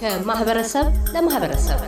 ከማህበረሰብ ለማህበረሰብ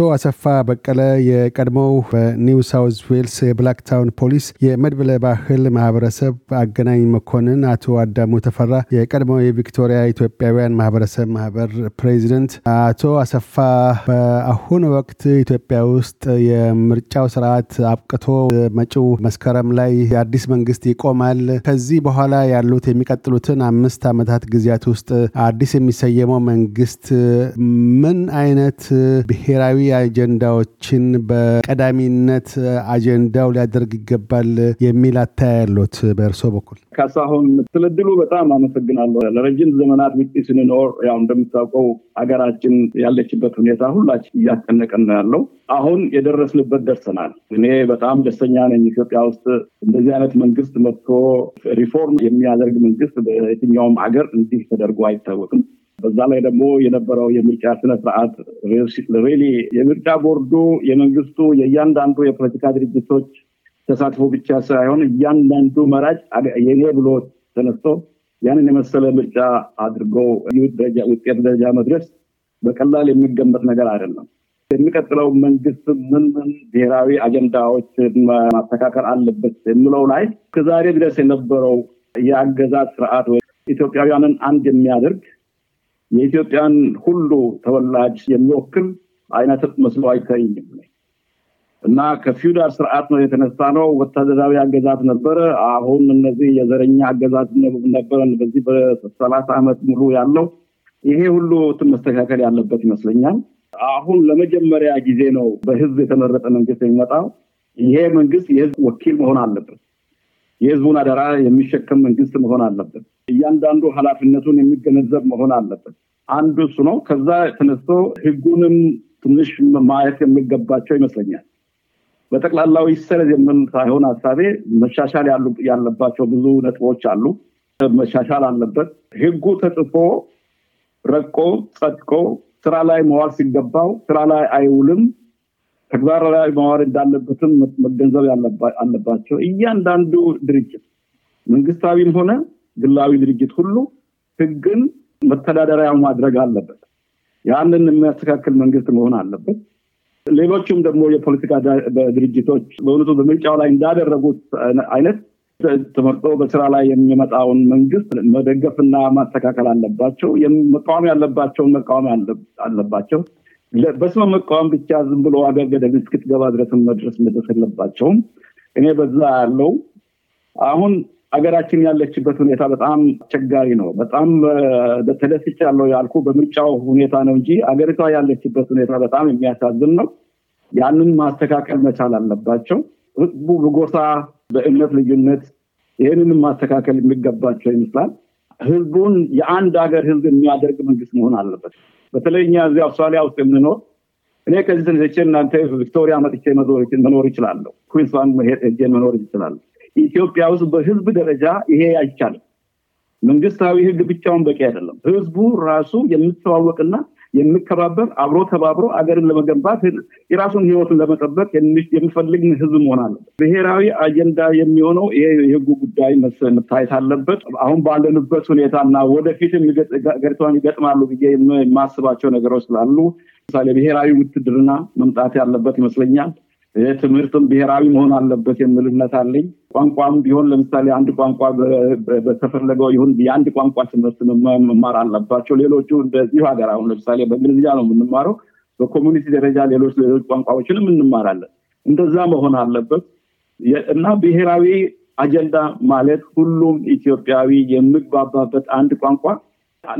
አቶ አሰፋ በቀለ የቀድሞው በኒው ሳውዝ ዌልስ የብላክታውን ፖሊስ የመድብለ ባህል ማህበረሰብ አገናኝ መኮንን፣ አቶ አዳሙ ተፈራ የቀድሞው የቪክቶሪያ ኢትዮጵያውያን ማህበረሰብ ማህበር ፕሬዚደንት። አቶ አሰፋ በአሁኑ ወቅት ኢትዮጵያ ውስጥ የምርጫው ስርዓት አብቅቶ መጪው መስከረም ላይ የአዲስ መንግስት ይቆማል። ከዚህ በኋላ ያሉት የሚቀጥሉትን አምስት ዓመታት ጊዜያት ውስጥ አዲስ የሚሰየመው መንግስት ምን አይነት ብሔራዊ አጀንዳዎችን በቀዳሚነት አጀንዳው ሊያደርግ ይገባል የሚል አታያ ያሉት በእርሶ በኩል? ካሳሁን ስለድሉ በጣም አመሰግናለሁ። ለረጅም ዘመናት ውጭ ስንኖር ያው እንደምታውቀው ሀገራችን ያለችበት ሁኔታ ሁላችን እያስጨነቀን ነው ያለው። አሁን የደረስንበት ደርሰናል። እኔ በጣም ደስተኛ ነኝ። ኢትዮጵያ ውስጥ እንደዚህ አይነት መንግስት መጥቶ ሪፎርም የሚያደርግ መንግስት በየትኛውም ሀገር እንዲህ ተደርጎ አይታወቅም። በዛ ላይ ደግሞ የነበረው የምርጫ ስነስርዓት ሬሊ የምርጫ ቦርዱ የመንግስቱ የእያንዳንዱ የፖለቲካ ድርጅቶች ተሳትፎ ብቻ ሳይሆን እያንዳንዱ መራጭ የኔ ብሎ ተነስቶ ያንን የመሰለ ምርጫ አድርጎ ውጤት ደረጃ መድረስ በቀላል የሚገመት ነገር አይደለም። የሚቀጥለው መንግስት ምን ምን ብሔራዊ አጀንዳዎች ማስተካከል አለበት የሚለው ላይ ከዛሬ ድረስ የነበረው የአገዛዝ ስርዓት ኢትዮጵያውያንን አንድ የሚያደርግ የኢትዮጵያን ሁሉ ተወላጅ የሚወክል አይነት መስሎ አይታይኝም እና ከፊውዳል ስርዓት ነው የተነሳ ነው። ወታደራዊ አገዛዝ ነበረ። አሁን እነዚህ የዘረኛ አገዛዝ ነበረ። በዚህ በሰላሳ ዓመት ሙሉ ያለው ይሄ ሁሉ መስተካከል ያለበት ይመስለኛል። አሁን ለመጀመሪያ ጊዜ ነው በህዝብ የተመረጠ መንግስት የሚመጣው። ይሄ መንግስት የህዝብ ወኪል መሆን አለበት። የህዝቡን አደራ የሚሸከም መንግስት መሆን አለበት። እያንዳንዱ ኃላፊነቱን የሚገነዘብ መሆን አለበት። አንዱ እሱ ነው። ከዛ ተነስቶ ህጉንም ትንሽ ማየት የሚገባቸው ይመስለኛል። በጠቅላላው ይሰረዝ የምል ሳይሆን ሀሳቤ መሻሻል ያለባቸው ብዙ ነጥቦች አሉ። መሻሻል አለበት። ህጉ ተጽፎ ረቆ ጸድቆ ስራ ላይ መዋል ሲገባው ስራ ላይ አይውልም። ተግባር ላይ መዋል እንዳለበትም መገንዘብ አለባቸው። እያንዳንዱ ድርጅት መንግስታዊም ሆነ ግላዊ ድርጅት ሁሉ ህግን መተዳደሪያ ማድረግ አለበት። ያንን የሚያስተካክል መንግስት መሆን አለበት። ሌሎቹም ደግሞ የፖለቲካ ድርጅቶች በእውነቱ በምርጫው ላይ እንዳደረጉት አይነት ተመርጦ በስራ ላይ የሚመጣውን መንግስት መደገፍና ማስተካከል አለባቸው። መቃወም ያለባቸውን መቃወም አለባቸው። በስመ መቃወም ብቻ ዝም ብሎ አገር ገደብ እስክትገባ ድረስም መድረስ መድረስ የለባቸውም። እኔ በዛ ያለው አሁን አገራችን ያለችበት ሁኔታ በጣም አስቸጋሪ ነው። በጣም ያለው ያልኩ በምርጫው ሁኔታ ነው እንጂ አገሪቷ ያለችበት ሁኔታ በጣም የሚያሳዝን ነው። ያንን ማስተካከል መቻል አለባቸው። ህዝቡ በጎሳ በእምነት ልዩነት ይህንን ማስተካከል የሚገባቸው ይመስላል። ህዝቡን የአንድ ሀገር ህዝብ የሚያደርግ መንግስት መሆን አለበት። በተለይ እኛ እዚህ አውስትራሊያ ውስጥ የምንኖር እኔ ከዚህ ተነስቼ እናንተ ቪክቶሪያ መጥቼ መኖር ይችላለሁ፣ ኩንስላንድ ሄጄ መኖር ይችላለሁ። ኢትዮጵያ ውስጥ በህዝብ ደረጃ ይሄ አይቻልም። መንግስታዊ ህግ ብቻውን በቂ አይደለም። ህዝቡ ራሱ የሚተዋወቅና የሚከባበር አብሮ ተባብሮ አገርን ለመገንባት የራሱን ህይወቱን ለመጠበቅ የሚፈልግ ህዝብ መሆን አለበት። ብሔራዊ አጀንዳ የሚሆነው ይሄ የህጉ ጉዳይ መታየት አለበት። አሁን ባለንበት ሁኔታ እና ወደፊት ገሪቷን ይገጥማሉ ብዬ የማስባቸው ነገሮች ስላሉ ለምሳሌ ብሔራዊ ውትድርና መምጣት ያለበት ይመስለኛል። ትምህርትም ብሔራዊ መሆን አለበት የምልነት አለኝ። ቋንቋም ቢሆን ለምሳሌ አንድ ቋንቋ በተፈለገው ይሁን የአንድ ቋንቋ ትምህርት መማር አለባቸው። ሌሎቹ እንደዚሁ ሀገር አሁን ለምሳሌ በእንግሊዝኛ ነው የምንማረው። በኮሚኒቲ ደረጃ ሌሎች ሌሎች ቋንቋዎችንም እንማራለን። እንደዛ መሆን አለበት እና ብሔራዊ አጀንዳ ማለት ሁሉም ኢትዮጵያዊ የሚግባባበት አንድ ቋንቋ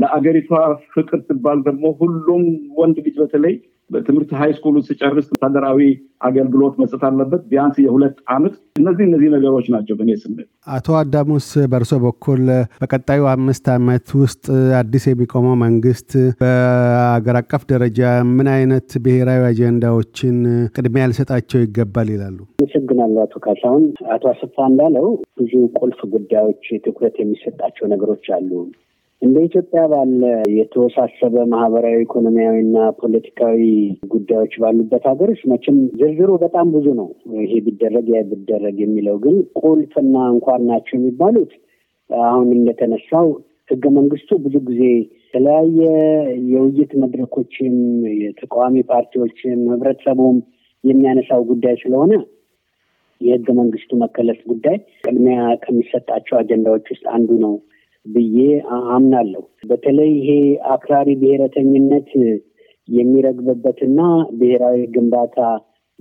ለአገሪቷ ፍቅር ሲባል ደግሞ ሁሉም ወንድ ልጅ በተለይ በትምህርት ሀይ ስኩሉ ስጨርስ ወታደራዊ አገልግሎት መስጠት አለበት ቢያንስ የሁለት አመት። እነዚህ እነዚህ ነገሮች ናቸው በእኔ ስምል። አቶ አዳሙስ በእርሶ በኩል በቀጣዩ አምስት ዓመት ውስጥ አዲስ የሚቆመው መንግስት በአገር አቀፍ ደረጃ ምን አይነት ብሔራዊ አጀንዳዎችን ቅድሚያ ሊሰጣቸው ይገባል ይላሉ? አመሰግናለሁ አቶ ካሳሁን። አቶ አሰፋ እንዳለው ብዙ ቁልፍ ጉዳዮች ትኩረት የሚሰጣቸው ነገሮች አሉ። እንደ ኢትዮጵያ ባለ የተወሳሰበ ማህበራዊ ኢኮኖሚያዊና ፖለቲካዊ ጉዳዮች ባሉበት ሀገሮች መቼም ዝርዝሩ በጣም ብዙ ነው። ይሄ ቢደረግ ያ ቢደረግ የሚለው ግን ቁልፍና እንኳን ናቸው የሚባሉት አሁን እንደተነሳው ህገ መንግስቱ ብዙ ጊዜ የተለያየ የውይይት መድረኮችም የተቃዋሚ ፓርቲዎችም ህብረተሰቡም የሚያነሳው ጉዳይ ስለሆነ የህገ መንግስቱ መከለስ ጉዳይ ቅድሚያ ከሚሰጣቸው አጀንዳዎች ውስጥ አንዱ ነው። ብዬ አምናለሁ። በተለይ ይሄ አክራሪ ብሔረተኝነት የሚረግብበትና ብሔራዊ ግንባታ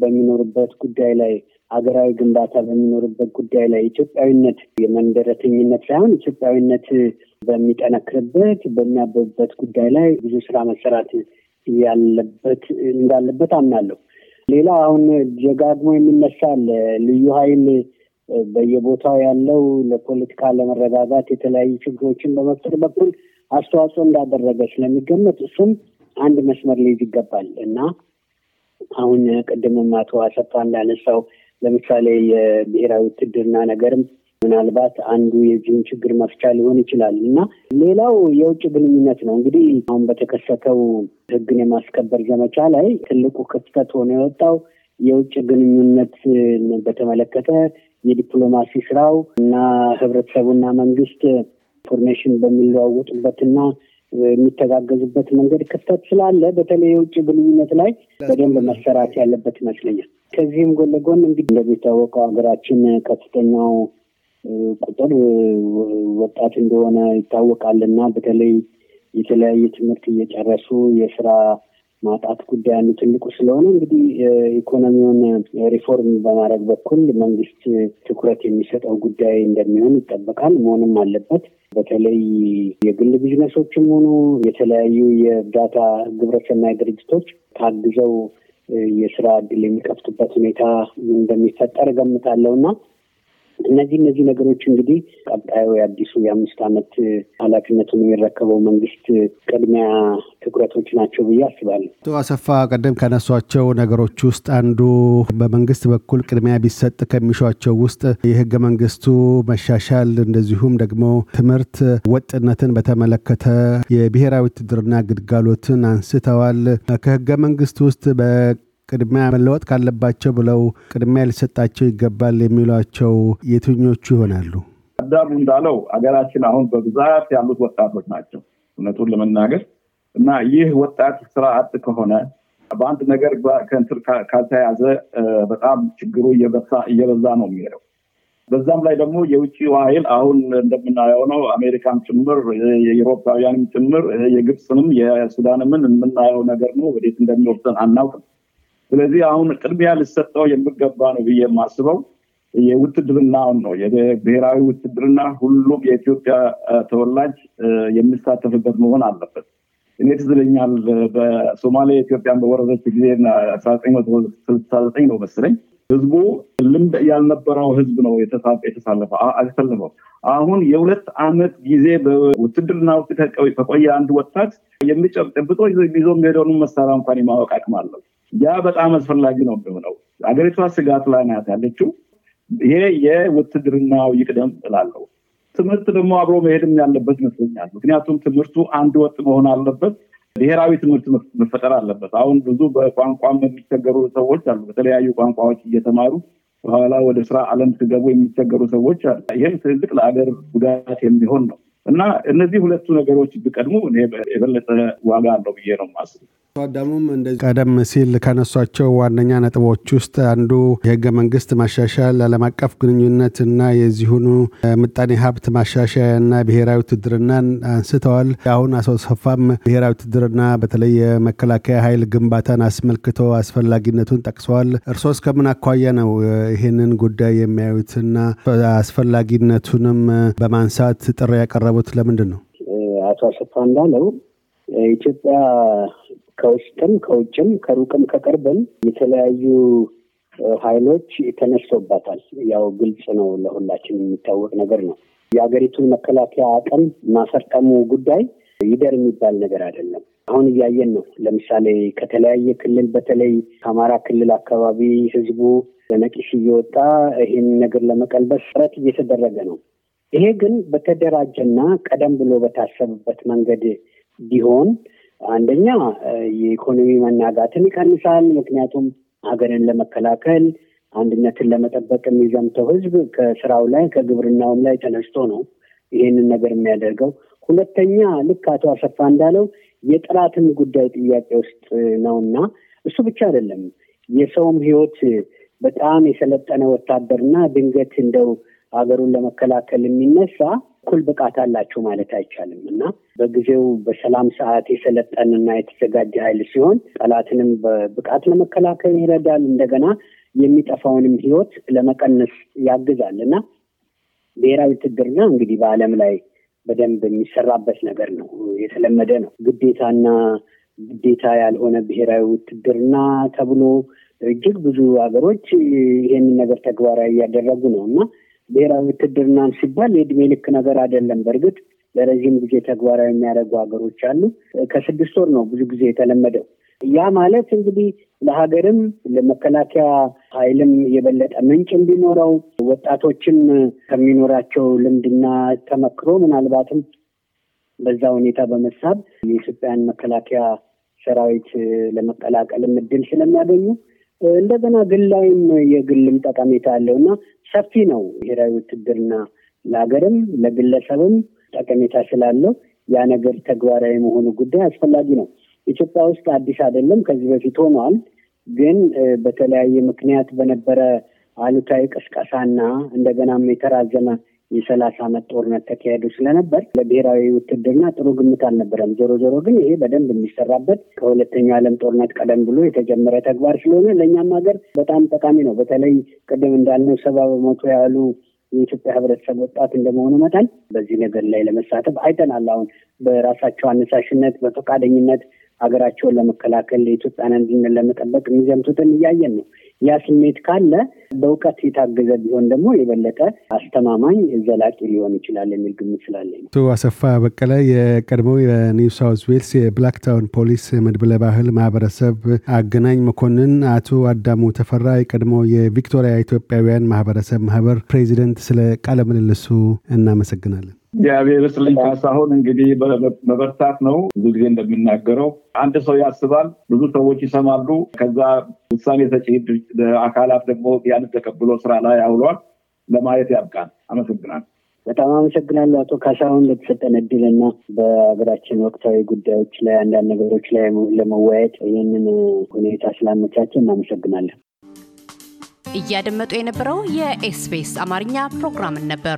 በሚኖርበት ጉዳይ ላይ ሀገራዊ ግንባታ በሚኖርበት ጉዳይ ላይ ኢትዮጵያዊነት የመንደረተኝነት ሳይሆን ኢትዮጵያዊነት በሚጠነክርበት በሚያበብበት ጉዳይ ላይ ብዙ ስራ መሰራት ያለበት እንዳለበት አምናለሁ። ሌላ አሁን ደጋግሞ የሚነሳ ልዩ ኃይል በየቦታው ያለው ለፖለቲካ ለመረጋጋት የተለያዩ ችግሮችን በመፍጠር በኩል አስተዋጽኦ እንዳደረገ ስለሚገመት እሱም አንድ መስመር ሊይዝ ይገባል እና አሁን ቅድምም አቶ አሰፋ እንዳነሳው ለምሳሌ የብሔራዊ ውትድርና ነገርም ምናልባት አንዱ የዚህን ችግር መፍቻ ሊሆን ይችላል እና ሌላው የውጭ ግንኙነት ነው። እንግዲህ አሁን በተከሰተው ሕግን የማስከበር ዘመቻ ላይ ትልቁ ክፍተት ሆኖ የወጣው የውጭ ግንኙነት በተመለከተ የዲፕሎማሲ ስራው እና ህብረተሰቡና መንግስት ኢንፎርሜሽን በሚለዋወጡበትና የሚተጋገዙበት መንገድ ክፍተት ስላለ በተለይ የውጭ ግንኙነት ላይ በደንብ መሰራት ያለበት ይመስለኛል። ከዚህም ጎን ለጎን እንግዲህ እንደሚታወቀው ሀገራችን ከፍተኛው ቁጥር ወጣት እንደሆነ ይታወቃል በተለይ የተለያየ ትምህርት እየጨረሱ የስራ ማጣት ጉዳይ አንዱ ትልቁ ስለሆነ እንግዲህ ኢኮኖሚውን ሪፎርም በማድረግ በኩል መንግስት ትኩረት የሚሰጠው ጉዳይ እንደሚሆን ይጠበቃል፣ መሆንም አለበት። በተለይ የግል ቢዝነሶችም ሆኑ የተለያዩ የእርዳታ ግብረሰናይ ድርጅቶች ታግዘው የስራ እድል የሚከፍቱበት ሁኔታ እንደሚፈጠር እገምታለሁ እና እነዚህ እነዚህ ነገሮች እንግዲህ ቀጣዩ የአዲሱ የአምስት ዓመት ኃላፊነቱን የሚረከበው መንግስት ቅድሚያ ትኩረቶች ናቸው ብዬ አስባለሁ። አቶ አሰፋ ቀደም ካነሷቸው ነገሮች ውስጥ አንዱ በመንግስት በኩል ቅድሚያ ቢሰጥ ከሚሿቸው ውስጥ የህገ መንግስቱ መሻሻል፣ እንደዚሁም ደግሞ ትምህርት ወጥነትን በተመለከተ የብሔራዊ ውትድርና ግልጋሎትን አንስተዋል። ከህገ መንግስት ውስጥ በ ቅድሚያ መለወጥ ካለባቸው ብለው ቅድሚያ ሊሰጣቸው ይገባል የሚሏቸው የትኞቹ ይሆናሉ? አዳሩ እንዳለው አገራችን አሁን በብዛት ያሉት ወጣቶች ናቸው እውነቱን ለመናገር እና ይህ ወጣት ስራ አጥ ከሆነ በአንድ ነገር ከንትር ካልተያዘ በጣም ችግሩ እየበዛ ነው የሚሄደው። በዛም ላይ ደግሞ የውጭ ኃይል አሁን እንደምናየው ነው። አሜሪካን ጭምር የአውሮፓውያንም ጭምር የግብፅንም የሱዳንምን የምናየው ነገር ነው። ወዴት እንደሚወርሰን አናውቅም። ስለዚህ አሁን ቅድሚያ ሊሰጠው የሚገባ ነው ብዬ የማስበው የውትድርናውን ነው። የብሔራዊ ውትድርና ሁሉም የኢትዮጵያ ተወላጅ የሚሳተፍበት መሆን አለበት። እኔ ትዝለኛል በሶማሌ ኢትዮጵያን በወረዘች ጊዜ ስልሳዘጠኝ ነው መስለኝ ህዝቡ ልምድ ያልነበረው ህዝብ ነው የተሳለፈው። አሁን የሁለት አመት ጊዜ በውትድርና ውስጥ ከቆየ አንድ ወጣት የሚጨብጦ ይዞ የሚሄደውን መሳሪያ እንኳን የማወቅ አቅም አለው። ያ በጣም አስፈላጊ ነው የሚሆነው። ሀገሪቷ ስጋት ላይ ናት ያለችው። ይሄ የውትድርናው ይቅደም እላለሁ። ትምህርት ደግሞ አብሮ መሄድም ያለበት ይመስለኛል። ምክንያቱም ትምህርቱ አንድ ወጥ መሆን አለበት። ብሔራዊ ትምህርት መፈጠር አለበት። አሁን ብዙ በቋንቋም የሚቸገሩ ሰዎች አሉ። በተለያዩ ቋንቋዎች እየተማሩ በኋላ ወደ ስራ አለም ሲገቡ የሚቸገሩ ሰዎች፣ ይህም ትልቅ ለአገር ጉዳት የሚሆን ነው። እና እነዚህ ሁለቱ ነገሮች ቢቀድሙ እኔ የበለጠ ዋጋ አለው ብዬ ነው የማስበው። አዳሙም እንደዚህ ቀደም ሲል ከነሷቸው ዋነኛ ነጥቦች ውስጥ አንዱ የህገ መንግስት ማሻሻል፣ ዓለም አቀፍ ግንኙነት እና የዚሁኑ ምጣኔ ሀብት ማሻሻያ እና ብሔራዊ ውትድርናን አንስተዋል። አሁን አቶ ሰፋም ብሔራዊ ውትድርና በተለይ የመከላከያ ኃይል ግንባታን አስመልክቶ አስፈላጊነቱን ጠቅሰዋል። እርሶስ ከምን አኳያ ነው ይህንን ጉዳይ የሚያዩትና አስፈላጊነቱንም በማንሳት ጥሪ ያቀረቡ ፍላጎት ለምንድን ነው? አቶ አሰፋ እንዳለው ኢትዮጵያ ከውስጥም ከውጭም ከሩቅም ከቅርብም የተለያዩ ኃይሎች ተነስቶባታል። ያው ግልጽ ነው፣ ለሁላችን የሚታወቅ ነገር ነው። የሀገሪቱን መከላከያ አቅም ማሰርጠሙ ጉዳይ ይደር የሚባል ነገር አይደለም። አሁን እያየን ነው። ለምሳሌ ከተለያየ ክልል በተለይ ከአማራ ክልል አካባቢ ህዝቡ ለነቂስ እየወጣ ይህን ነገር ለመቀልበስ ጥረት እየተደረገ ነው። ይሄ ግን በተደራጀና ቀደም ብሎ በታሰበበት መንገድ ቢሆን አንደኛ የኢኮኖሚ መናጋትን ይቀንሳል። ምክንያቱም ሀገርን ለመከላከል አንድነትን ለመጠበቅ የሚዘምተው ህዝብ ከስራው ላይ ከግብርናውም ላይ ተነስቶ ነው ይህንን ነገር የሚያደርገው። ሁለተኛ ልክ አቶ አሰፋ እንዳለው የጥራትን ጉዳይ ጥያቄ ውስጥ ነው እና እሱ ብቻ አይደለም የሰውም ህይወት በጣም የሰለጠነ ወታደርና ድንገት እንደው ሀገሩን ለመከላከል የሚነሳ እኩል ብቃት አላቸው ማለት አይቻልም እና በጊዜው በሰላም ሰዓት የሰለጠንና የተዘጋጀ ኃይል ሲሆን ጠላትንም በብቃት ለመከላከል ይረዳል። እንደገና የሚጠፋውንም ህይወት ለመቀነስ ያግዛል እና ብሔራዊ ውትድርና እንግዲህ በዓለም ላይ በደንብ የሚሰራበት ነገር ነው። የተለመደ ነው። ግዴታና ግዴታ ያልሆነ ብሔራዊ ውትድርና ተብሎ እጅግ ብዙ ሀገሮች ይህንን ነገር ተግባራዊ እያደረጉ ነው እና ብሔራዊ ውትድርናም ሲባል የእድሜ ልክ ነገር አይደለም። በእርግጥ ለረዥም ጊዜ ተግባራዊ የሚያደርጉ ሀገሮች አሉ። ከስድስት ወር ነው ብዙ ጊዜ የተለመደው። ያ ማለት እንግዲህ ለሀገርም ለመከላከያ ኃይልም የበለጠ ምንጭ እንዲኖረው ወጣቶችም ከሚኖራቸው ልምድና ተመክሮ ምናልባትም በዛ ሁኔታ በመሳብ የኢትዮጵያን መከላከያ ሰራዊት ለመቀላቀልም እድል ስለሚያገኙ እንደገና ግል ላይም የግልም ጠቀሜታ አለው እና ሰፊ ነው ብሔራዊ ውትድርና ለሀገርም ለግለሰብም ጠቀሜታ ስላለው ያ ነገር ተግባራዊ መሆኑ ጉዳይ አስፈላጊ ነው። ኢትዮጵያ ውስጥ አዲስ አይደለም፣ ከዚህ በፊት ሆኗል። ግን በተለያየ ምክንያት በነበረ አሉታዊ ቅስቀሳና እንደገናም የተራዘመ የሰላሳ ዓመት ጦርነት ተካሄዶ ስለነበር ለብሔራዊ ውትድርና ጥሩ ግምት አልነበረም። ዞሮ ዞሮ ግን ይሄ በደንብ የሚሰራበት ከሁለተኛው ዓለም ጦርነት ቀደም ብሎ የተጀመረ ተግባር ስለሆነ ለእኛም ሀገር በጣም ጠቃሚ ነው። በተለይ ቅድም እንዳልነው ሰባ በመቶ ያሉ የኢትዮጵያ ህብረተሰብ ወጣት እንደመሆኑ መጠን በዚህ ነገር ላይ ለመሳተፍ አይተናል። አሁን በራሳቸው አነሳሽነት በፈቃደኝነት ሀገራቸውን ለመከላከል የኢትዮጵያን አንድነት ለመጠበቅ የሚዘምቱትን እያየን ነው። ያ ስሜት ካለ በእውቀት የታገዘ ቢሆን ደግሞ የበለጠ አስተማማኝ ዘላቂ ሊሆን ይችላል የሚል ግምት ስላለኝ አቶ አሰፋ በቀለ የቀድሞው የኒው ሳውዝ ዌልስ የብላክታውን ፖሊስ መድብለ ባህል ማህበረሰብ አገናኝ መኮንን፣ አቶ አዳሙ ተፈራ የቀድሞ የቪክቶሪያ ኢትዮጵያውያን ማህበረሰብ ማህበር ፕሬዚደንት፣ ስለ ቃለ ምልልሱ እናመሰግናለን። እግዚአብሔር ይስጥልኝ ካሳሁን። እንግዲህ መበርታት ነው። ብዙ ጊዜ እንደምናገረው አንድ ሰው ያስባል፣ ብዙ ሰዎች ይሰማሉ። ከዛ ውሳኔ ሰጪ አካላት ደግሞ ያን ተቀብሎ ስራ ላይ አውሏል። ለማየት ያብቃል። አመሰግናል። በጣም አመሰግናለሁ አቶ ካሳሁን ለተሰጠን እድል በሀገራችን ወቅታዊ ጉዳዮች ላይ አንዳንድ ነገሮች ላይ ለመወያየት ይህንን ሁኔታ ስላመቻችን እናመሰግናለን። እያደመጡ የነበረው የኤስፔስ አማርኛ ፕሮግራምን ነበር።